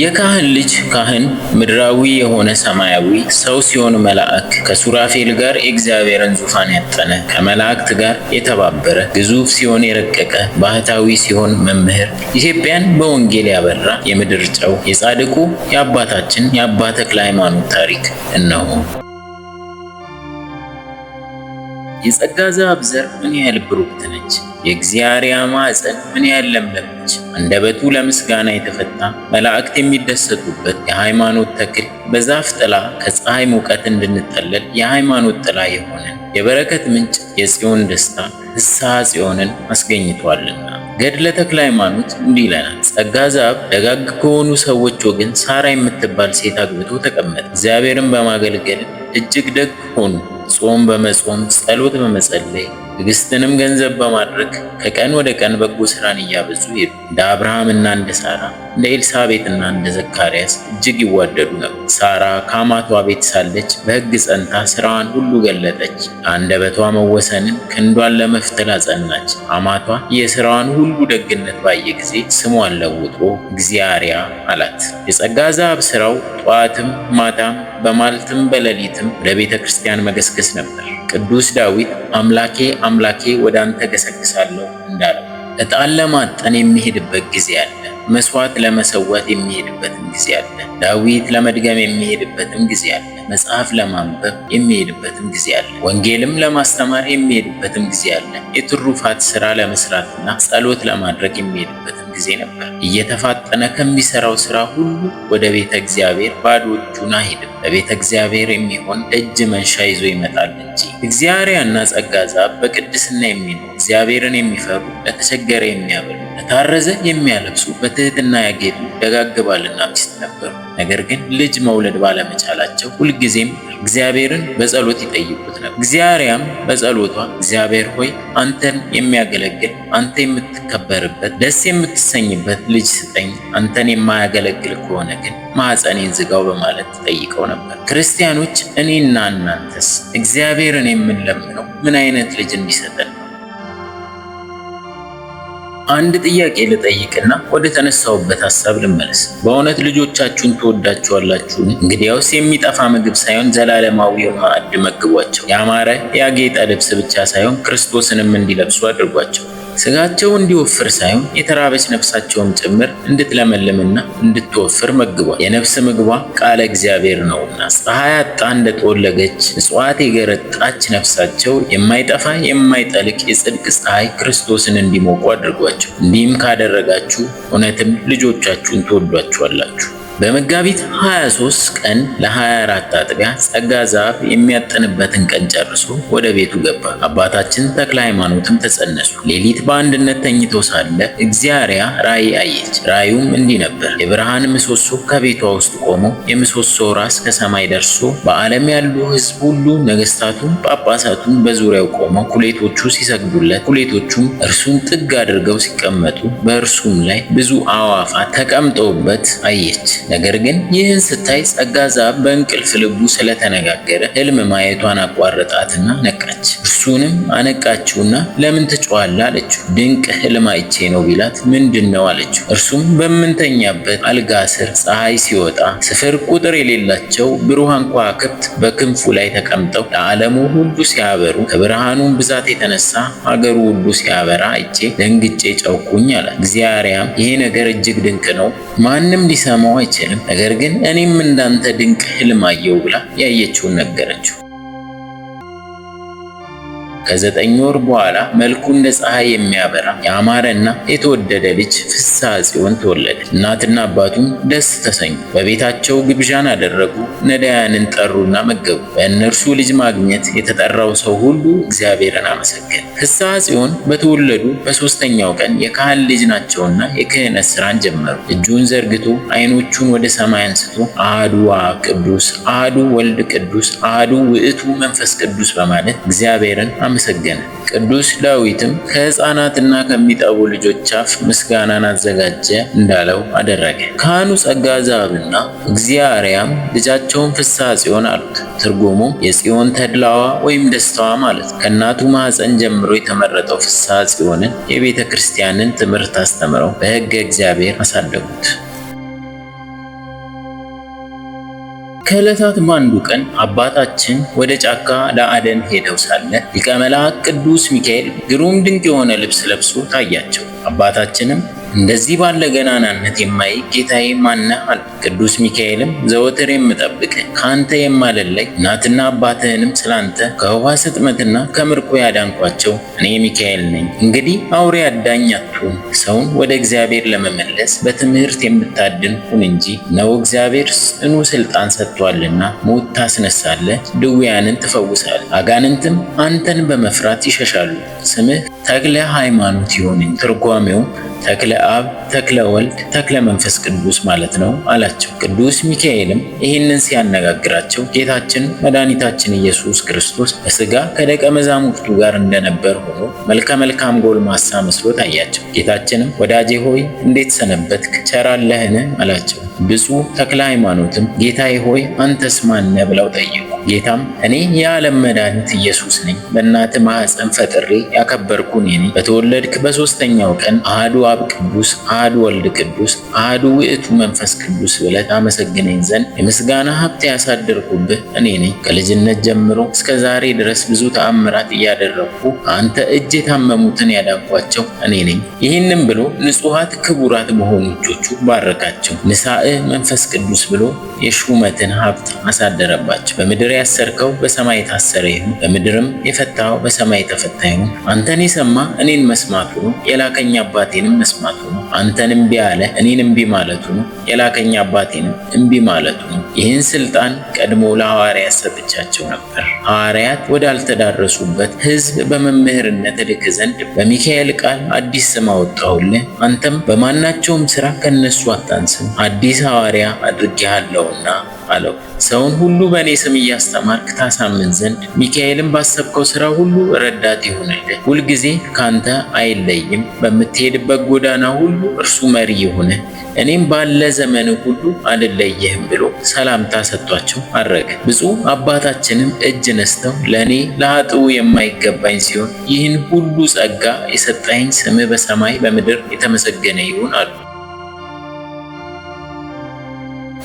የካህን ልጅ ካህን ምድራዊ የሆነ ሰማያዊ ሰው ሲሆን መላእክ ከሱራፌል ጋር የእግዚአብሔርን ዙፋን ያጠነ ከመላእክት ጋር የተባበረ ግዙፍ ሲሆን የረቀቀ ባህታዊ ሲሆን መምህር ኢትዮጵያን በወንጌል ያበራ የምድር ጨው የጻድቁ የአባታችን የአባ ተክለ ሃይማኖት ታሪክ እነሆ። የጸጋ ዛፍ ዘር ምን ያህል ብሩክት ነች! የእግዚአብሔር ማኅፀን ምን ያህል ለምለመች! አንደበቱ ለምስጋና የተፈታ መላእክት የሚደሰቱበት የሃይማኖት ተክል በዛፍ ጥላ ከፀሐይ ሙቀት እንድንጠለል የሃይማኖት ጥላ የሆነን የበረከት ምንጭ የጽዮን ደስታ ንስሐ ጽዮንን አስገኝቷልና። ገድለ ተክለ ሃይማኖት እንዲህ ይለናል። ጸጋ ዛብ ደጋግ ከሆኑ ሰዎች ወገን ሳራ የምትባል ሴት አግብቶ ተቀመጠ። እግዚአብሔርን በማገልገል እጅግ ደግ ሁን። ጾም በመጾም ጸሎት በመጸለይ ትዕግስትንም ገንዘብ በማድረግ ከቀን ወደ ቀን በጎ ስራን እያበዙ ሄዱ። እንደ አብርሃምና እንደ ሳራ፣ እንደ ኤልሳቤጥና እንደ ዘካርያስ እጅግ ይዋደዱ ነበር። ሳራ ከአማቷ ቤት ሳለች በሕግ ጸንታ ስራዋን ሁሉ ገለጠች። አንደበቷ መወሰንን ክንዷን ለመፍተል አጸናች። አማቷ የስራዋን ሁሉ ደግነት ባየ ጊዜ ስሟን ለውጦ እግዚአርያ አላት። የጸጋ ዛብ ስራው ጠዋትም ማታም በማልትም በሌሊትም ማለትም ወደ ቤተ ክርስቲያን መገስገስ ነበር። ቅዱስ ዳዊት አምላኬ አምላኬ ወደ አንተ ገሰግሳለሁ እንዳለው ዕጣን ለማጠን የሚሄድበት ጊዜ አለ። መስዋዕት ለመሰዋት የሚሄድበትም ጊዜ አለ። ዳዊት ለመድገም የሚሄድበትም ጊዜ አለ። መጽሐፍ ለማንበብ የሚሄድበትም ጊዜ አለ። ወንጌልም ለማስተማር የሚሄድበትም ጊዜ አለ። የትሩፋት ሥራ ለመስራትና ጸሎት ለማድረግ የሚሄድበት ጊዜ ነበር። እየተፋጠነ ከሚሰራው ስራ ሁሉ ወደ ቤተ እግዚአብሔር ባዶ እጁን አይሄድም። ለቤተ እግዚአብሔር የሚሆን እጅ መንሻ ይዞ ይመጣል እንጂ። እግዚአብሔርና ጸጋ ዛብ በቅድስና የሚኖ እግዚአብሔርን የሚፈሩ ለተቸገረ የሚያበሉ ለታረዘ የሚያለብሱ በትህትና ያጌጡ ደጋግ ባልና ሚስት ነበሩ። ነገር ግን ልጅ መውለድ ባለመቻላቸው ሁልጊዜም እግዚአብሔርን በጸሎት ይጠይቁት ነበር። እግዚአርያም በጸሎቷ እግዚአብሔር ሆይ አንተን የሚያገለግል አንተ የምትከበርበት ደስ የምትሰኝበት ልጅ ስጠኝ፣ አንተን የማያገለግል ከሆነ ግን ማኅፀኔን ዝጋው በማለት ጠይቀው ነበር። ክርስቲያኖች፣ እኔና እናንተስ እግዚአብሔርን የምንለምነው ምን አይነት ልጅ እንዲሰጠን አንድ ጥያቄ ልጠይቅና ወደ ተነሳውበት ሀሳብ ልመለስ። በእውነት ልጆቻችሁን ትወዳችኋላችሁን? እንግዲያውስ የሚጠፋ ምግብ ሳይሆን ዘላለማዊ ማዕድ መግቧቸው፣ ያማረ ያጌጠ ልብስ ብቻ ሳይሆን ክርስቶስንም እንዲለብሱ አድርጓቸው። ስጋቸው እንዲወፍር ሳይሆን የተራበች ነፍሳቸውም ጭምር እንድትለመልምና እንድትወፍር መግቧል። የነፍስ ምግቧ ቃለ እግዚአብሔር ነውና ፀሐይ አጣ እንደጠወለገች እጽዋት የገረጣች ነፍሳቸው የማይጠፋ የማይጠልቅ የጽድቅ ፀሐይ ክርስቶስን እንዲሞቁ አድርጓቸው። እንዲህም ካደረጋችሁ እውነትም ልጆቻችሁን ትወዷችኋላችሁ። በመጋቢት 23 ቀን ለ24 አጥቢያ ጸጋ ዛፍ የሚያጠንበትን ቀን ጨርሶ ወደ ቤቱ ገባ። አባታችን ተክለ ሃይማኖትም ተጸነሱ። ሌሊት በአንድነት ተኝቶ ሳለ እግዚአርያ ራእይ አየች። ራእዩም እንዲህ ነበር። የብርሃን ምሰሶ ከቤቷ ውስጥ ቆሞ የምሰሶ ራስ ከሰማይ ደርሶ በዓለም ያሉ ሕዝብ ሁሉ ነገስታቱም፣ ጳጳሳቱም በዙሪያው ቆመው ኩሌቶቹ ሲሰግዱለት፣ ኩሌቶቹም እርሱን ጥግ አድርገው ሲቀመጡ በእርሱም ላይ ብዙ አዕዋፋት ተቀምጠውበት አየች። ነገር ግን ይህን ስታይ ጸጋ ዛብ በእንቅልፍ ልቡ ስለተነጋገረ ህልም ማየቷን አቋረጣትና ነቃች። እሱንም አነቃችውና ለምን ትጮኻለህ አለችው። ድንቅ ህልም አይቼ ነው ቢላት ምንድን ነው አለችው። እርሱም በምንተኛበት አልጋ ስር ፀሐይ ሲወጣ ስፍር ቁጥር የሌላቸው ብሩሃን ከዋክብት በክንፉ ላይ ተቀምጠው ለዓለሙ ሁሉ ሲያበሩ ከብርሃኑ ብዛት የተነሳ ሀገሩ ሁሉ ሲያበራ አይቼ ደንግጬ ጨውኩኝ አላት። እግዚአርያም ይሄ ነገር እጅግ ድንቅ ነው፣ ማንም ሊሰማው አይችልም። ነገር ግን እኔም እንዳንተ ድንቅ ህልም ብላ ያየችውን ነገረችው። ከዘጠኝ ወር በኋላ መልኩ እንደ ፀሐይ የሚያበራ ያማረና የተወደደ ልጅ ፍስሐ ጽዮን ተወለደ። እናትና አባቱም ደስ ተሰኙ። በቤታቸው ግብዣን አደረጉ። ነዳያንን ጠሩና መገቡ። በእነርሱ ልጅ ማግኘት የተጠራው ሰው ሁሉ እግዚአብሔርን አመሰገን። ፍስሐ ጽዮን በተወለዱ በሦስተኛው ቀን የካህን ልጅ ናቸውና የክህነት ስራን ጀመሩ። እጁን ዘርግቶ አይኖቹን ወደ ሰማይ አንስቶ አህዱ አብ ቅዱስ፣ አህዱ ወልድ ቅዱስ፣ አህዱ ውእቱ መንፈስ ቅዱስ በማለት እግዚአብሔርን አመሰገነ። አመሰገነ። ቅዱስ ዳዊትም ከሕፃናትና ከሚጠቡ ልጆች አፍ ምስጋናን አዘጋጀ እንዳለው አደረገ። ካህኑ ጸጋ ዘአብና እግዚአርያም ልጃቸውን ፍስሐ ጽዮን አሉት። ትርጉሙም የጽዮን ተድላዋ ወይም ደስታዋ ማለት። ከእናቱ ማኅፀን ጀምሮ የተመረጠው ፍስሐ ጽዮንን የቤተ ክርስቲያንን ትምህርት አስተምረው በሕገ እግዚአብሔር አሳደጉት። ከዕለታትም በአንዱ ቀን አባታችን ወደ ጫካ ለአደን ሄደው ሳለ ሊቀ መላእክት ቅዱስ ሚካኤል ግሩም ድንቅ የሆነ ልብስ ለብሶ ታያቸው። አባታችንም እንደዚህ ባለ ገናናነት የማይ ጌታዬ ማነ አለ። ቅዱስ ሚካኤልም ዘወትር የምጠብቅ ከአንተ የማለለይ እናትና አባትህንም ስላንተ ከውሃ ስጥመትና ከምርኮ ያዳንኳቸው እኔ ሚካኤል ነኝ። እንግዲህ አውሬ አዳኝ አትሁን፣ ሰውን ወደ እግዚአብሔር ለመመለስ በትምህርት የምታድን ሁን እንጂ ነው እግዚአብሔር ጽኑ ስልጣን ሰጥቷልና ሞት ታስነሳለ፣ ድውያንን ትፈውሳል፣ አጋንንትም አንተን በመፍራት ይሸሻሉ። ስምህ ተክለ ሃይማኖት ይሆን። ትርጓሜው ተክለ አብ፣ ተክለ ወልድ፣ ተክለ መንፈስ ቅዱስ ማለት ነው አላቸው። ቅዱስ ሚካኤልም ይህንን ሲያነጋግራቸው ጌታችን መድኃኒታችን ኢየሱስ ክርስቶስ በስጋ ከደቀ መዛሙርቱ ጋር እንደነበር ሆኖ መልከ መልካም ጎልማሳ መስሎ ታያቸው። ጌታችንም ወዳጄ ሆይ እንዴት ሰነበትክ? ቸር አለህን? አላቸው። ብፁዕ ተክለ ሃይማኖትም ጌታዬ ሆይ አንተስ ማነ ብለው ጠየቁ። ጌታም እኔ የዓለም መድኃኒት ኢየሱስ ነኝ፣ በእናት ማኅፀን ፈጥሬ ያከበርኩ እኔ ነኝ። በተወለድክ በሦስተኛው ቀን አህዱ አብ ቅዱስ፣ አህዱ ወልድ ቅዱስ፣ አህዱ ውእቱ መንፈስ ቅዱስ ብለህ ታመሰግነኝ ዘንድ የምስጋና ሀብት ያሳደርኩብህ እኔ ነኝ። ከልጅነት ጀምሮ እስከ ዛሬ ድረስ ብዙ ተአምራት እያደረግኩ አንተ እጅ የታመሙትን ያዳንኳቸው እኔ ነኝ። ይህንም ብሎ ንጹሐት ክቡራት በሆኑ እጆቹ ባረካቸው። ንሳእ መንፈስ ቅዱስ ብሎ የሹመትን ሀብት አሳደረባቸው። በምድር ያሰርከው በሰማይ የታሰረ ይሁን፣ በምድርም የፈታው በሰማይ የተፈታ ይሁን። አንተን የሰማ እኔን መስማቱ ነው፣ የላከኝ አባቴንም መስማቱ ነው። አንተን እምቢ አለ እኔን እምቢ ማለቱ ነው፣ የላከኝ አባቴንም እምቢ ማለቱ ነው። ይህን ስልጣን ቀድሞ ለሐዋርያት ሰጥቻቸው ነበር። ሐዋርያት ወዳልተዳረሱበት ሕዝብ በመምህርነት ልክ ዘንድ በሚካኤል ቃል አዲስ ስም አወጣሁልህ። አንተም በማናቸውም ሥራ ከእነሱ አታንስም፣ አዲስ ሐዋርያ አድርጌሃለሁና አለው። ሰውን ሁሉ በእኔ ስም እያስተማርክ ታሳምን ዘንድ ሚካኤልም ባሰብከው ሥራ ሁሉ ረዳት ይሁንልህ። ሁልጊዜ ካንተ አይለይም። በምትሄድበት ጎዳና ሁሉ እርሱ መሪ የሆነ እኔም ባለ ዘመን ሁሉ አልለየህም ብሎ ሰላምታ ሰጥቷቸው አረገ። ብፁዕ አባታችንም እጅ ነስተው ለእኔ ለኃጥኡ የማይገባኝ ሲሆን ይህን ሁሉ ጸጋ የሰጠኝ ስምህ በሰማይ በምድር የተመሰገነ ይሁን አሉ።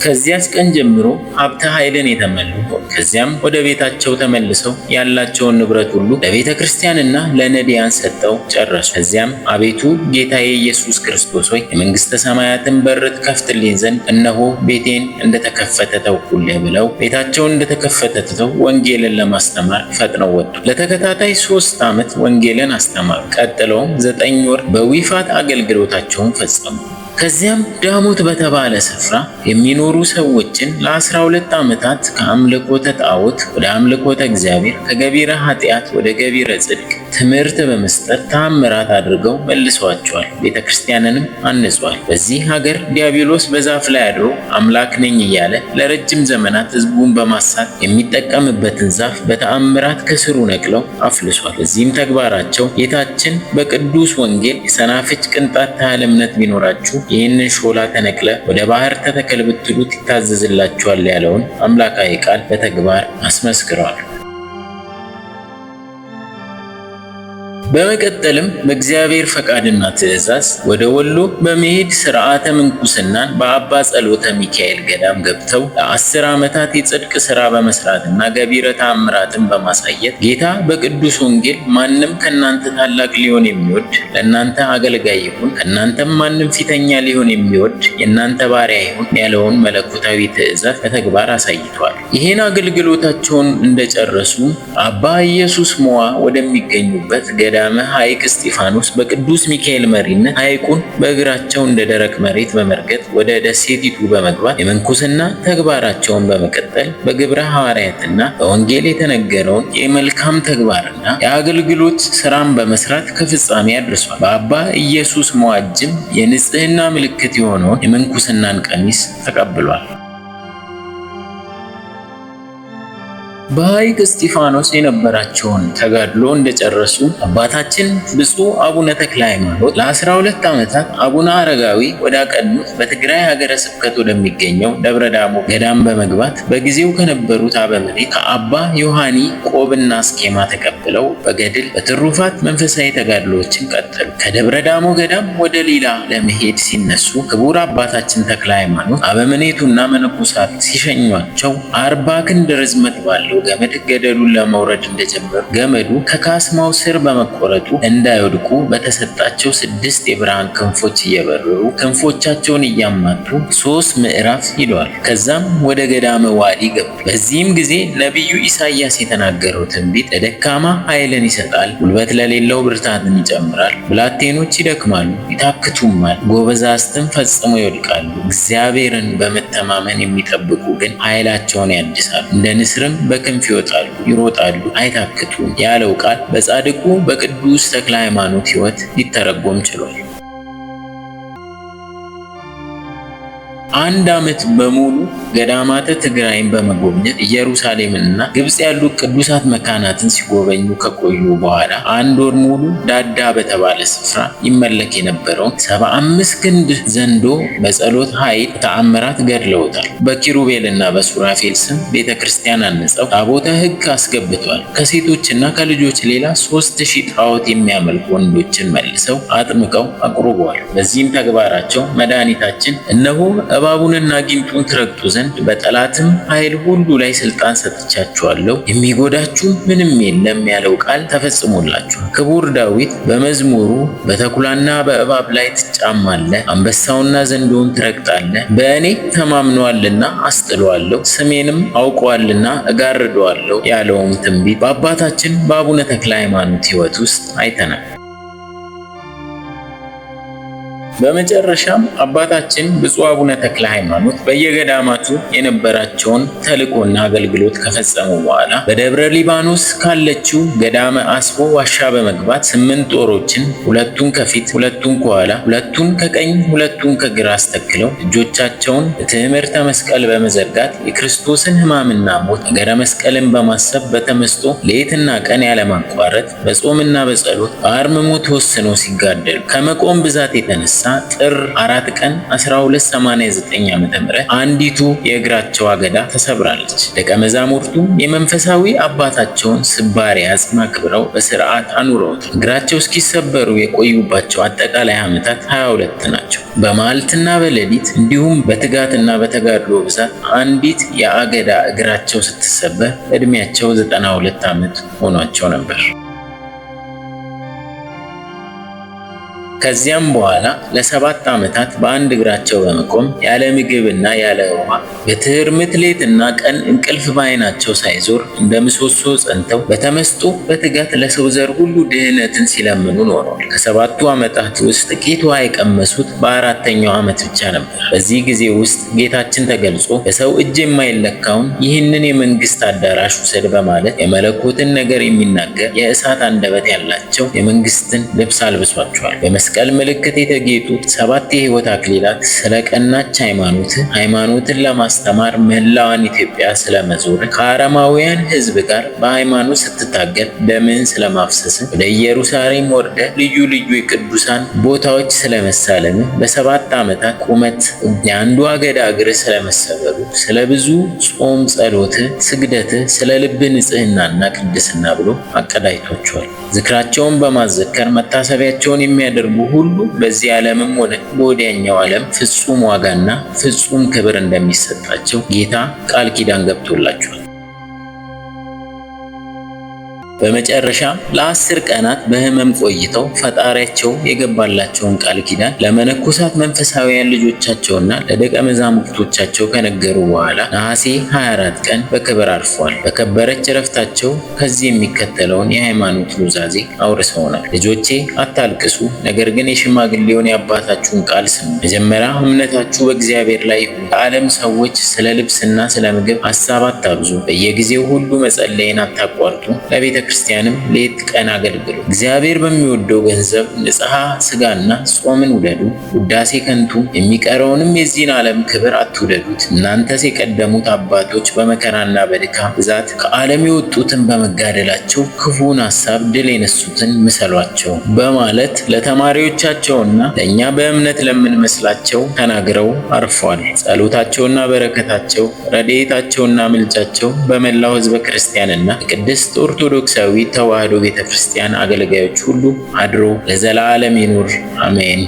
ከዚያች ቀን ጀምሮ ሀብተ ኃይልን የተመሉ ከዚያም ወደ ቤታቸው ተመልሰው ያላቸውን ንብረት ሁሉ ለቤተ ክርስቲያንና ለነቢያን ሰጠው ጨረሱ። ከዚያም አቤቱ ጌታዬ ኢየሱስ ክርስቶስ ሆይ የመንግሥተ ሰማያትን በር ትከፍትልኝ ዘንድ እነሆ ቤቴን እንደተከፈተ ተውኩልህ ብለው ቤታቸውን እንደተከፈተ ትተው ወንጌልን ለማስተማር ፈጥነው ወጡ። ለተከታታይ ሶስት ዓመት ወንጌልን አስተማሩ። ቀጥለውም ዘጠኝ ወር በዊፋት አገልግሎታቸውን ፈጸሙ። ከዚያም ዳሞት በተባለ ስፍራ የሚኖሩ ሰዎችን ለ12 ዓመታት ከአምልኮተ ጣዖት ወደ አምልኮተ እግዚአብሔር ከገቢረ ኃጢአት ወደ ገቢረ ጽድቅ ትምህርት በመስጠት ተአምራት አድርገው መልሷቸዋል። ቤተ ክርስቲያንንም አንጿል። በዚህ ሀገር ዲያብሎስ በዛፍ ላይ አድሮ አምላክ ነኝ እያለ ለረጅም ዘመናት ህዝቡን በማሳት የሚጠቀምበትን ዛፍ በተአምራት ከስሩ ነቅለው አፍልሷል። በዚህም ተግባራቸው ጌታችን በቅዱስ ወንጌል የሰናፍጭ ቅንጣት ታህል እምነት ቢኖራችሁ ይህንን ሾላ ተነቅለ ወደ ባህር ተተከል ብትሉት ይታዘዝላችኋል ያለውን አምላካዊ ቃል በተግባር አስመስክረዋል። በመቀጠልም በእግዚአብሔር ፈቃድና ትእዛዝ ወደ ወሎ በመሄድ ስርዓተ ምንኩስናን በአባ ጸሎተ ሚካኤል ገዳም ገብተው ለአስር ዓመታት የጽድቅ ሥራ በመስራትና ገቢረ ተአምራትን በማሳየት ጌታ በቅዱስ ወንጌል ማንም ከእናንተ ታላቅ ሊሆን የሚወድ ለእናንተ አገልጋይ ይሁን፣ ከእናንተም ማንም ፊተኛ ሊሆን የሚወድ የእናንተ ባሪያ ይሁን ያለውን መለኮታዊ ትእዛዝ በተግባር አሳይቷል። ይህን አገልግሎታቸውን እንደጨረሱ አባ ኢየሱስ መዋ ወደሚገኙበት ገዳ ገዳመ ሐይቅ እስጢፋኖስ በቅዱስ ሚካኤል መሪነት ሐይቁን በእግራቸው እንደ ደረቅ መሬት በመርገጥ ወደ ደሴቲቱ በመግባት የምንኩስና ተግባራቸውን በመቀጠል በግብረ ሐዋርያትና በወንጌል የተነገረውን የመልካም ተግባርና የአገልግሎት ስራን በመስራት ከፍጻሜ አድርሷል። በአባ ኢየሱስ መዋጅም የንጽህና ምልክት የሆነውን የምንኩስናን ቀሚስ ተቀብሏል። በሐይቅ እስጢፋኖስ የነበራቸውን ተጋድሎ እንደጨረሱ አባታችን ብፁዕ አቡነ ተክለ ሃይማኖት ለ ሁለት ዓመታት አቡነ አረጋዊ ወዳቀኑት በትግራይ ሀገረ ስብከት ወደሚገኘው ደብረ ዳሞ ገዳም በመግባት በጊዜው ከነበሩት አበምኔ ከአባ ዮሐኒ ቆብና ስኬማ ተቀብለው በገድል በትሩፋት መንፈሳዊ ተጋድሎዎችን ቀጠሉ። ከደብረ ዳሞ ገዳም ወደ ሌላ ለመሄድ ሲነሱ ክቡር አባታችን ተክለ ሃይማኖት አበምኔቱና መነኮሳት ሲሸኟቸው አርባ ክንድ ርዝመት ባለው ያለው ገመድ ገደሉን ለመውረድ እንደጀመሩ ገመዱ ከካስማው ስር በመቆረጡ እንዳይወድቁ በተሰጣቸው ስድስት የብርሃን ክንፎች እየበረሩ ክንፎቻቸውን እያማቱ ሶስት ምዕራፍ ሂደዋል። ከዛም ወደ ገዳመ ዋዲ ገቡ። በዚህም ጊዜ ነቢዩ ኢሳያስ የተናገረው ትንቢት ለደካማ ኃይልን ይሰጣል፣ ጉልበት ለሌለው ብርታትን ይጨምራል። ብላቴኖች ይደክማሉ፣ ይታክቱማል፣ ጎበዛስትን ፈጽሞ ይወድቃሉ። እግዚአብሔርን በመተማመን የሚጠብቁ ግን ኃይላቸውን ያድሳሉ፣ እንደ ንስርም በ ክንፍ ይወጣሉ ይሮጣሉ አይታክቱም ያለው ቃል በጻድቁ በቅዱስ ተክለ ሃይማኖት ሕይወት ሊተረጎም ችሏል። አንድ ዓመት በሙሉ ገዳማተ ትግራይን በመጎብኘት ኢየሩሳሌምንና ግብፅ ያሉ ቅዱሳት መካናትን ሲጎበኙ ከቆዩ በኋላ አንድ ወር ሙሉ ዳዳ በተባለ ስፍራ ይመለክ የነበረውን 75 ክንድ ዘንዶ በጸሎት ኃይል ተአምራት ገድለውታል። በኪሩቤልና በሱራፌል ስም ቤተ ክርስቲያን አንጸው ታቦተ ሕግ አስገብቷል። ከሴቶችና ከልጆች ሌላ ሶስት ሺህ ጣዖት የሚያመልኩ ወንዶችን መልሰው አጥምቀው አቁርበዋል። በዚህም ተግባራቸው መድኃኒታችን እነሆ እባቡንና ጊንጡን ትረግጡ ዘንድ በጠላትም ኃይል ሁሉ ላይ ስልጣን ሰጥቻችኋለሁ፣ የሚጎዳችሁ ምንም የለም ያለው ቃል ተፈጽሞላችሁ ክቡር ዳዊት በመዝሙሩ በተኩላና በእባብ ላይ ትጫማለህ፣ አንበሳውና ዘንዶውን ትረግጣለህ። በእኔ ተማምነዋልና አስጥለዋለሁ፣ ስሜንም አውቀዋልና እጋርደዋለሁ ያለውም ትንቢት በአባታችን በአቡነ ተክለ ሃይማኖት ሕይወት ውስጥ አይተናል። በመጨረሻም አባታችን ብፁዕ አቡነ ተክለ ሃይማኖት በየገዳማቱ የነበራቸውን ተልእኮና አገልግሎት ከፈጸሙ በኋላ በደብረ ሊባኖስ ካለችው ገዳመ አስቦ ዋሻ በመግባት ስምንት ጦሮችን ሁለቱን ከፊት፣ ሁለቱን ከኋላ፣ ሁለቱን ከቀኝ፣ ሁለቱን ከግራ አስተክለው እጆቻቸውን ትምህርተ መስቀል በመዘርጋት የክርስቶስን ሕማምና ሞት ነገረ መስቀልን በማሰብ በተመስጦ ሌትና ቀን ያለማቋረጥ በጾምና በጸሎት በአርምሞ ተወስኖ ሲጋደሉ ከመቆም ብዛት የተነሳ ጥር 4 ቀን 1289 ዓ ም አንዲቱ የእግራቸው አገዳ ተሰብራለች። ደቀ መዛሙርቱ የመንፈሳዊ አባታቸውን ስባሪ አጽም አክብረው በስርዓት አኑረውት እግራቸው እስኪሰበሩ የቆዩባቸው አጠቃላይ ዓመታት 22 ናቸው። በማልትና በሌሊት እንዲሁም በትጋትና በተጋድሎ ብዛት አንዲት የአገዳ እግራቸው ስትሰበር እድሜያቸው 92 ዓመት ሆኗቸው ነበር። ከዚያም በኋላ ለሰባት ዓመታት በአንድ እግራቸው በመቆም ያለ ምግብና ያለ ውሃ በትህርምት ሌትና ቀን እንቅልፍ በዓይናቸው ሳይዞር እንደ ምሰሶ ጸንተው በተመስጦ በትጋት ለሰው ዘር ሁሉ ድህነትን ሲለምኑ ኖረዋል። ከሰባቱ ዓመታት ውስጥ ጥቂት ውሃ የቀመሱት በአራተኛው ዓመት ብቻ ነበር። በዚህ ጊዜ ውስጥ ጌታችን ተገልጾ በሰው እጅ የማይለካውን ይህንን የመንግስት አዳራሽ ውሰድ በማለት የመለኮትን ነገር የሚናገር የእሳት አንደበት ያላቸው የመንግስትን ልብስ አልብሷቸዋል። በመስቀል ምልክት የተጌጡ ሰባት የሕይወት አክሊላት ስለ ቀናች ሃይማኖት ሃይማኖትን ለማስተማር መላዋን ኢትዮጵያ ስለመዞር ከአረማውያን ሕዝብ ጋር በሃይማኖት ስትታገል ደምህን ስለማፍሰስ ወደ ኢየሩሳሌም ወርደ ልዩ ልዩ የቅዱሳን ቦታዎች ስለመሳለም በሰባት ዓመታት ቁመት የአንዱ አገዳ እግር ስለመሰበሩ ስለ ብዙ ጾም፣ ጸሎት፣ ስግደት ስለ ልብ ንጽህናና ቅድስና ብሎ አቀዳጅቷቸዋል። ዝክራቸውን በማዘከር መታሰቢያቸውን የሚያደርጉ ሁሉ በዚህ ዓለምም ሆነ በወዲያኛው ዓለም ፍጹም ዋጋና ፍጹም ክብር እንደሚሰጣቸው ጌታ ቃል ኪዳን ገብቶላቸዋል። በመጨረሻም ለአስር ቀናት በህመም ቆይተው ፈጣሪያቸው የገባላቸውን ቃል ኪዳን ለመነኮሳት መንፈሳውያን ልጆቻቸውና ለደቀ መዛሙርቶቻቸው ከነገሩ በኋላ ነሐሴ 24 ቀን በክብር አርፏል። በከበረች እረፍታቸው ከዚህ የሚከተለውን የሃይማኖት ኑዛዜ አውርሰውናል። ልጆቼ አታልቅሱ፣ ነገር ግን የሽማግሌውን የአባታችሁን ቃል ስሙ። መጀመሪያ እምነታችሁ በእግዚአብሔር ላይ ይሁን። ለዓለም ሰዎች ስለ ልብስና ስለ ምግብ ሀሳብ አታብዙ። በየጊዜው ሁሉ መጸለይን አታቋርጡ። ለቤተ ክርስቲያንም ሌት ቀን አገልግሉ። እግዚአብሔር በሚወደው ገንዘብ ንጽሐ ስጋና ጾምን ውደዱ። ውዳሴ ከንቱ የሚቀረውንም የዚህን ዓለም ክብር አትውደዱት። እናንተስ የቀደሙት አባቶች በመከራና በድካም ብዛት ከዓለም የወጡትን በመጋደላቸው ክፉን ሀሳብ ድል የነሱትን ምሰሏቸው በማለት ለተማሪዎቻቸውና ለእኛ በእምነት ለምንመስላቸው ተናግረው አርፏል። ጸሎታቸውና በረከታቸው ረድኤታቸውና ምልጃቸው በመላው ሕዝበ ክርስቲያንና ቅድስት ኦርቶዶክስ የኦርቶዶክሳዊት ተዋህዶ ቤተ ክርስቲያን አገልጋዮች ሁሉ አድሮ ለዘላለም ይኑር፣ አሜን።